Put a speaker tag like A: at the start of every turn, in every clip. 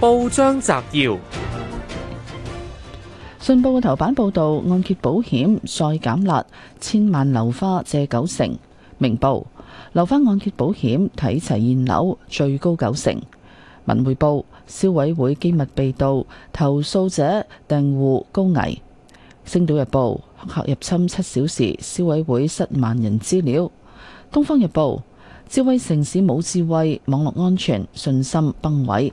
A: 報章摘要：《信報》嘅頭版報道按揭保險再減辣，千萬樓花借九成，《明報》樓花按揭保險睇齊現樓最高九成，《文匯報》消委會機密被盜，投訴者訂戶高危，《星島日報》黑客入侵七小時，消委會失萬人資料，《東方日報》智慧城市冇智慧，網絡安全信心崩毀。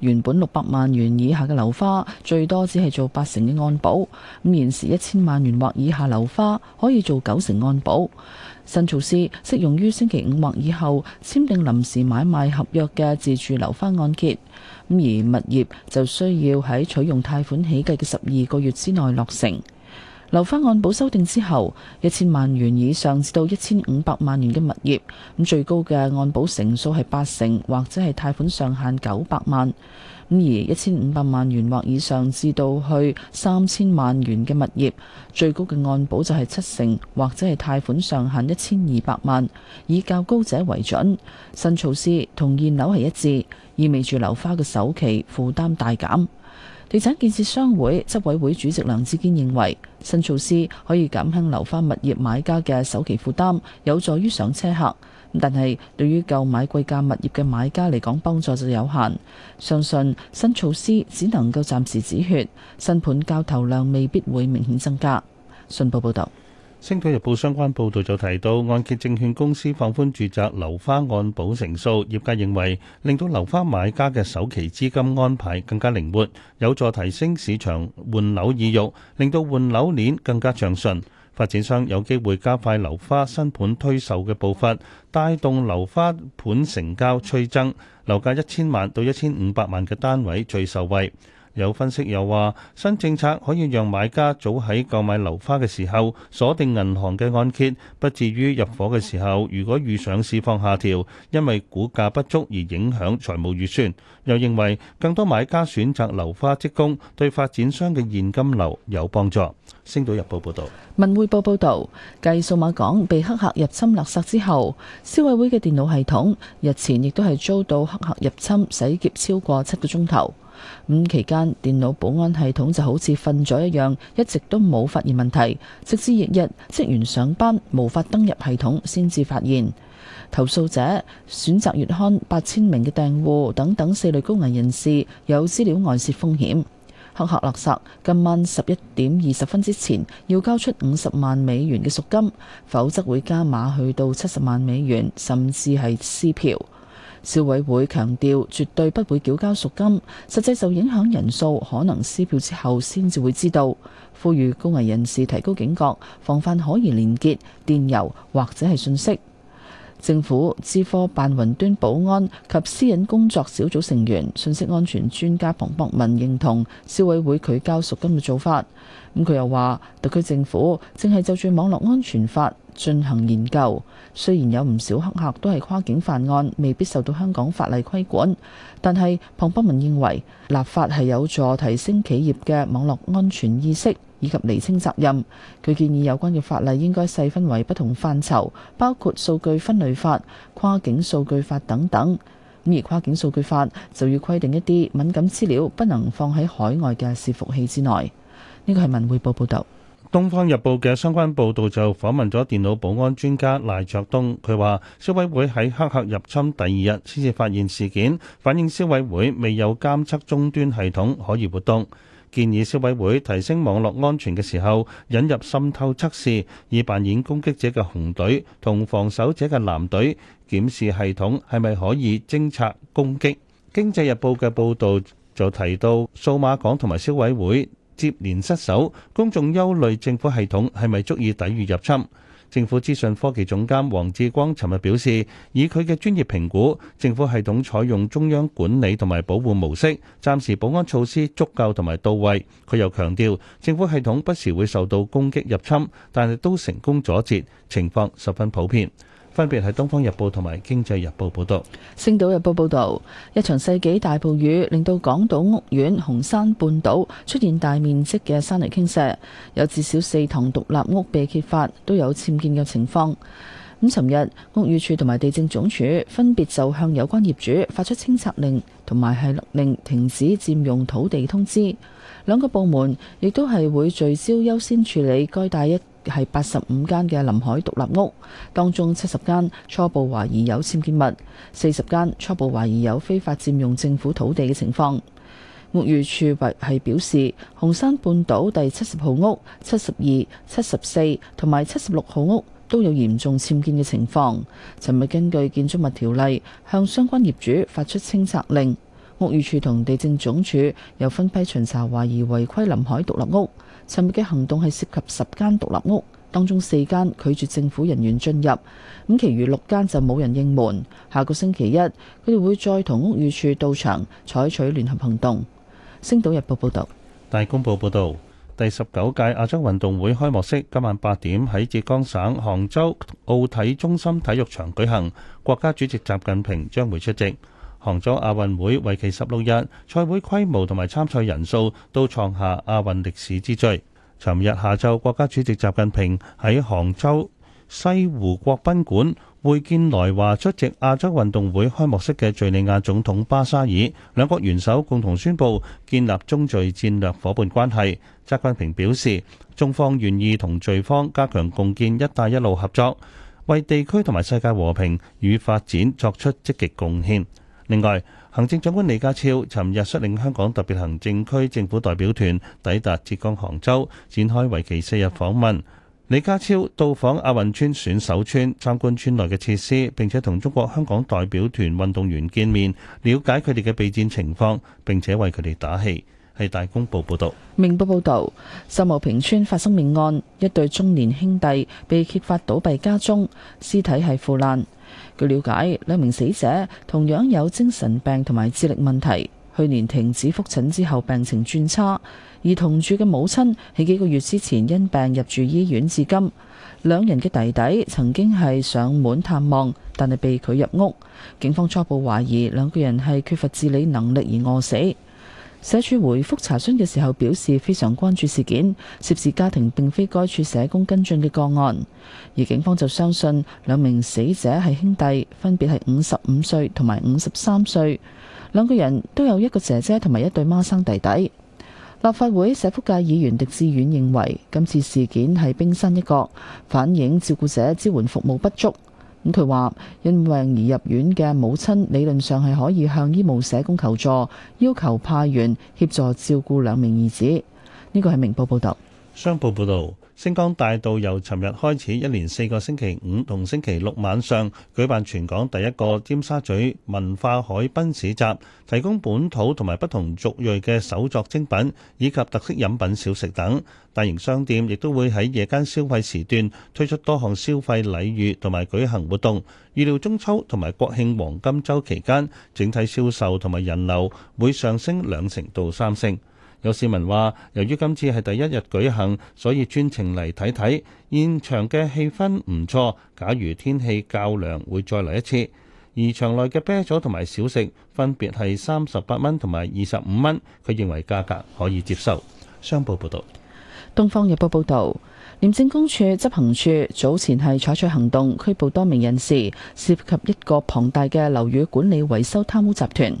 A: 原本六百萬元以下嘅樓花最多只係做八成嘅按保，咁現時一千萬元或以下樓花可以做九成按保。新措施適用於星期五或以後簽訂臨時買賣合約嘅自住樓花按揭，咁而物業就需要喺取用貸款起計嘅十二個月之內落成。樓花按保修訂之後，一千萬元以上至到一千五百萬元嘅物業，咁最高嘅按保成數係八成，或者係貸款上限九百萬。咁而一千五百萬元或以上至到去三千萬元嘅物業，最高嘅按保就係七成，或者係貸款上限一千二百萬，以較高者為準。新措施同現樓係一致，意味住樓花嘅首期負擔大減。地產建設商會執委會主席梁志堅認為，新措施可以減輕留翻物業買家嘅首期負擔，有助於上車客。但係對於購買貴價物業嘅買家嚟講，幫助就有限。相信新措施只能夠暫時止血，新盤交投量未必會明顯增加。信報報道。
B: 《星島日報》相關報導就提到，按揭證券公司放寬住宅樓花按保成數，業界認為令到樓花買家嘅首期資金安排更加靈活，有助提升市場換樓意欲，令到換樓鏈更加暢順。發展商有機會加快樓花新盤推售嘅步伐，帶動樓花盤成交趨增。樓價一千萬到一千五百萬嘅單位最受惠。有分析又話，新政策可以讓買家早喺購買樓花嘅時候鎖定銀行嘅按揭，不至於入伙嘅時候，如果遇上市況下調，因為估價不足而影響財務預算。又認為更多買家選擇樓花即供，對發展商嘅現金流有幫助。星島日報報道。
A: 文匯報報道，繼數碼港被黑客入侵勒索之後，消委會嘅電腦系統日前亦都係遭到黑客入侵洗劫超過七個鐘頭。咁期間，電腦保安系統就好似瞓咗一樣，一直都冇發現問題，直至翌日職員上班無法登入系統，先至發現。投訴者、選擇月刊八千名嘅訂戶等等四類高危人士有資料外泄風險。黑客勒索今晚十一點二十分之前要交出五十萬美元嘅贖金，否則會加碼去到七十萬美元，甚至係撕票。消委會強調，絕對不會繳交贖金，實際受影響人數可能撕票之後先至會知道，呼籲高危人士提高警覺，防範可疑連結、電郵或者係信息。政府資科辦雲端保安及私隱工作小組成員信息安全專家龐博文認同消委會拒交贖金嘅做法，咁佢又話特區政府正係就住網絡安全法進行研究。雖然有唔少黑客，客都係跨境犯案，未必受到香港法例規管，但係龐博文認為立法係有助提升企業嘅網絡安全意識以及釐清責任，佢建議有關嘅法例應該細分為不同範疇，包括數據分類法、跨境數據法等等。咁而跨境數據法就要規定一啲敏感資料不能放喺海外嘅伺服器之內。呢個係文匯報報道。
B: 東方日報嘅相關報道就訪問咗電腦保安專家賴卓東，佢話消委會喺黑客入侵第二日先至發現事件，反映消委會未有監測終端系統可疑活動。建議消委會提升網絡安全嘅時候，引入滲透測試，以扮演攻擊者嘅紅隊同防守者嘅藍隊，檢視系統係咪可以偵察攻擊。《經濟日報》嘅報導就提到，數碼港同埋消委會接連失守，公眾憂慮政府系統係咪足以抵禦入侵。政府資訊科技總監黃志光尋日表示，以佢嘅專業評估，政府系統採用中央管理同埋保護模式，暫時保安措施足夠同埋到位。佢又強調，政府系統不時會受到攻擊入侵，但係都成功阻截，情況十分普遍。分別係《東方日報》同埋《經濟日報》報道，
A: 《星島日報》報道，一場世紀大暴雨令到港島屋苑紅山半島出現大面積嘅山泥傾瀉，有至少四幢獨立屋被揭發都有僭建嘅情況。咁，尋日屋宇署同埋地政總署分別就向有關業主發出清拆令同埋係令停止佔用土地通知，兩個部門亦都係會聚焦優先處理該帶一。係八十五間嘅臨海獨立屋，當中七十間初步懷疑有僭建物，四十間初步懷疑有非法佔用政府土地嘅情況。屋宇署係表示，紅山半島第七十號屋、七十二、七十四同埋七十六號屋都有嚴重僭建嘅情況。尋日根據建築物條例，向相關業主發出清拆令。屋宇署同地政總署又分批巡查懷疑違規臨海獨立屋。尋日嘅行動係涉及十間獨立屋，當中四間拒絕政府人員進入，咁其餘六間就冇人應門。下個星期一，佢哋會再同屋宇處到場採取聯合行動。《星島日報》報道，
B: 大公報報道，第十九屆亞洲運動會開幕式今晚八點喺浙江省杭州奧體中心體育場舉行，國家主席習近平將會出席。杭州亞運會為期十六日，賽會規模同埋參賽人數都創下亞運歷史之最。尋日下晝，國家主席習近平喺杭州西湖國賓館會見來華出席亞洲運動會開幕式嘅敍利亞總統巴沙爾，兩國元首共同宣布建立中敍戰略伙伴關係。習近平表示，中方願意同敍方加強共建「一帶一路」合作，為地區同埋世界和平與發展作出積極貢獻。另外，行政長官李家超尋日率領香港特別行政區政府代表團抵達浙江杭州，展開為期四日訪問。李家超到訪亞運村選手村，參觀村內嘅設施，並且同中國香港代表團運動員見面，了解佢哋嘅備戰情況，並且為佢哋打氣。係大公報報，報報導。
A: 明報報道：秀茂坪村發生命案，一對中年兄弟被揭發倒閉家中，屍體係腐爛。據了解，兩名死者同樣有精神病同埋智力問題，去年停止覆診之後病情轉差，而同住嘅母親喺幾個月之前因病入住醫院至今。兩人嘅弟弟曾經係上門探望，但係被拒入屋。警方初步懷疑兩個人係缺乏自理能力而餓死。社署回覆查詢嘅時候表示非常關注事件，涉事家庭並非該處社工跟進嘅個案。而警方就相信兩名死者係兄弟，分別係五十五歲同埋五十三歲，兩個人都有一個姐姐同埋一對孖生弟弟。立法會社福界議員狄志遠認為，今次事件係冰山一角，反映照顧者支援服務不足。佢話，因病而入院嘅母親理論上係可以向醫務社工求助，要求派員協助照顧兩名兒子。呢個係明報報道，
B: 商報報道。星光大道由尋日開始，一連四個星期五同星期六晚上舉辦全港第一個尖沙咀文化海濱市集，提供本土同埋不同族裔嘅手作精品以及特色飲品、小食等。大型商店亦都會喺夜間消費時段推出多項消費禮遇同埋舉行活動。預料中秋同埋國慶黃金週期間，整體銷售同埋人流會上升兩成到三成。有市民話：由於今次係第一日舉行，所以專程嚟睇睇。現場嘅氣氛唔錯。假如天氣較涼，會再嚟一次。而場內嘅啤酒同埋小食分別係三十八蚊同埋二十五蚊，佢認為價格可以接受。商報報道，
A: 《東方日報》報道：廉政公署執行處早前係採取行動，拘捕多名人士，涉及一個龐大嘅樓宇管理維修貪污集團。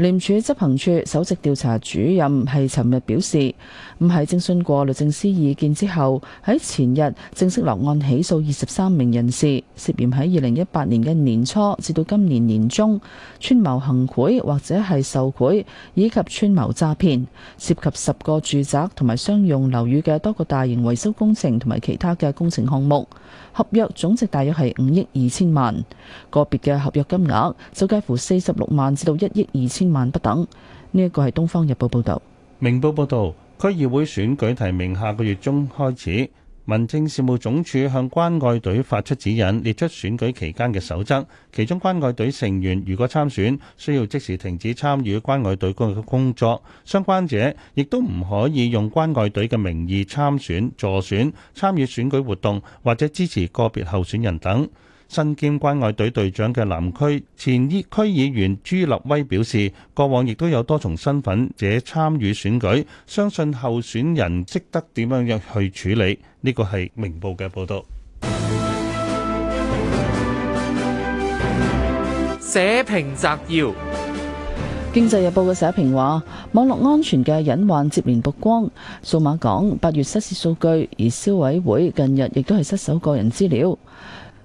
A: 廉署執行處首席調查主任係尋日表示，唔係徵詢過律政司意見之後，喺前日正式立案起訴二十三名人士，涉嫌喺二零一八年嘅年初至到今年年中串謀行賄或者係受賄，以及串謀詐騙，涉及十個住宅同埋商用樓宇嘅多個大型維修工程同埋其他嘅工程項目，合約總值大約係五億二千萬，個別嘅合約金額就介乎四十六萬至到一億二千。萬不等，呢一個係《東方日報》報道。
B: 明報報道，區議會選舉提名下個月中開始。民政事務總署向關愛隊發出指引，列出選舉期間嘅守則。其中，關愛隊成員如果參選，需要即時停止參與關愛隊嘅工作。相關者亦都唔可以用關愛隊嘅名義參選、助選、參與選舉活動或者支持個別候選人等。身兼關愛隊隊長嘅南區前區議員朱立威表示，過往亦都有多重身份者參與選舉，相信候選人識得點樣樣去處理。呢個係明報嘅報道。社評摘要：經濟日報
A: 嘅社評話，網絡安全嘅隱患接連曝光，數碼港八月失竊數據，而消委會近日亦都係失守個人資料。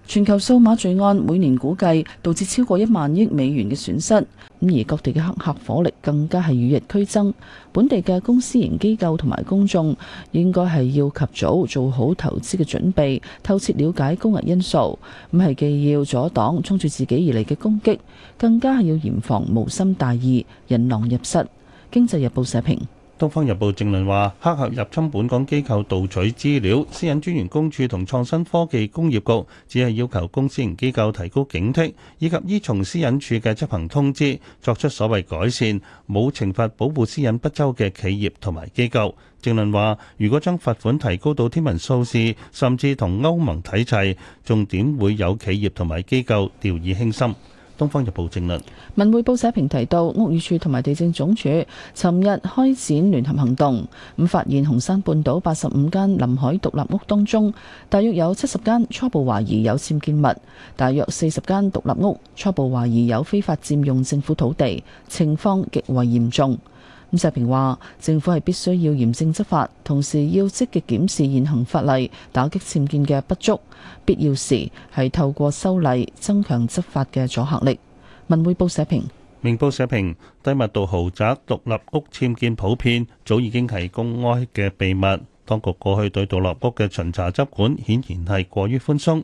A: 全球數碼罪案每年估計導致超過一萬億美元嘅損失，咁而各地嘅黑客火力更加係與日俱增。本地嘅公私營機構同埋公眾應該係要及早做好投資嘅準備，透徹了解高危因素，咁係既要阻擋衝住自己而嚟嘅攻擊，更加係要嚴防無心大意引狼入室。經濟日報社評。
B: 《東方日報》正論話：黑客入侵本港機構盜取資料，私隱專員公署同創新科技工業局只係要求公私營機構提高警惕，以及依從私隱處嘅執行通知作出所謂改善，冇懲罰保護私隱不周嘅企業同埋機構。正論話：如果將罰款提高到天文數字，甚至同歐盟睇齊，仲點會有企業同埋機構掉以輕心？《東方日報》政論
A: 文匯報社評提到，屋宇署同埋地政總署尋日開展聯合行動，咁發現紅山半島八十五間臨海獨立屋當中，大約有七十間初步懷疑有僭建物，大約四十間獨立屋初步懷疑有非法佔用政府土地，情況極為嚴重。社評話，政府係必須要嚴正執法，同時要積極檢視現行法例，打擊僭建嘅不足，必要時係透過修例增強執法嘅阻吓力。文匯報社評，
B: 明報社評，低密度豪宅獨立屋僭建普遍，早已經係公開嘅秘密，當局過去對獨立屋嘅巡查執管顯然過於寬鬆，顯然係過於寬鬆。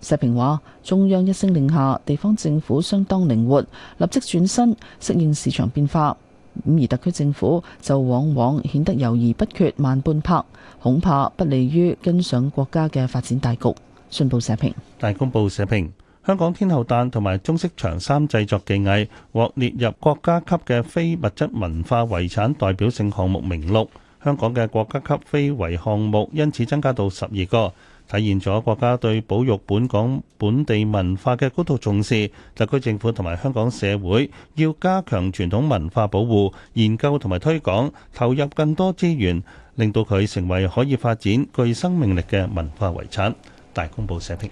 A: 社評話：中央一聲令下，地方政府相當靈活，立即轉身適應市場變化；咁而特區政府就往往顯得猶豫不決、慢半拍，恐怕不利於跟上國
B: 家嘅發展大局。信報社評，大公報社評：香港天后誕同埋中式長衫製作技藝獲列入國家級嘅非物質文化遺產代表性項目名錄，香港嘅國家級非遺項目因此增加到十二個。體現咗國家對保育本港本地文化嘅高度重視，特區政府同埋香港社會要加強傳統文化保護研究同埋推廣，投入更多資源，令到佢成為可以發展具生命力嘅文化遺產。大公報社評。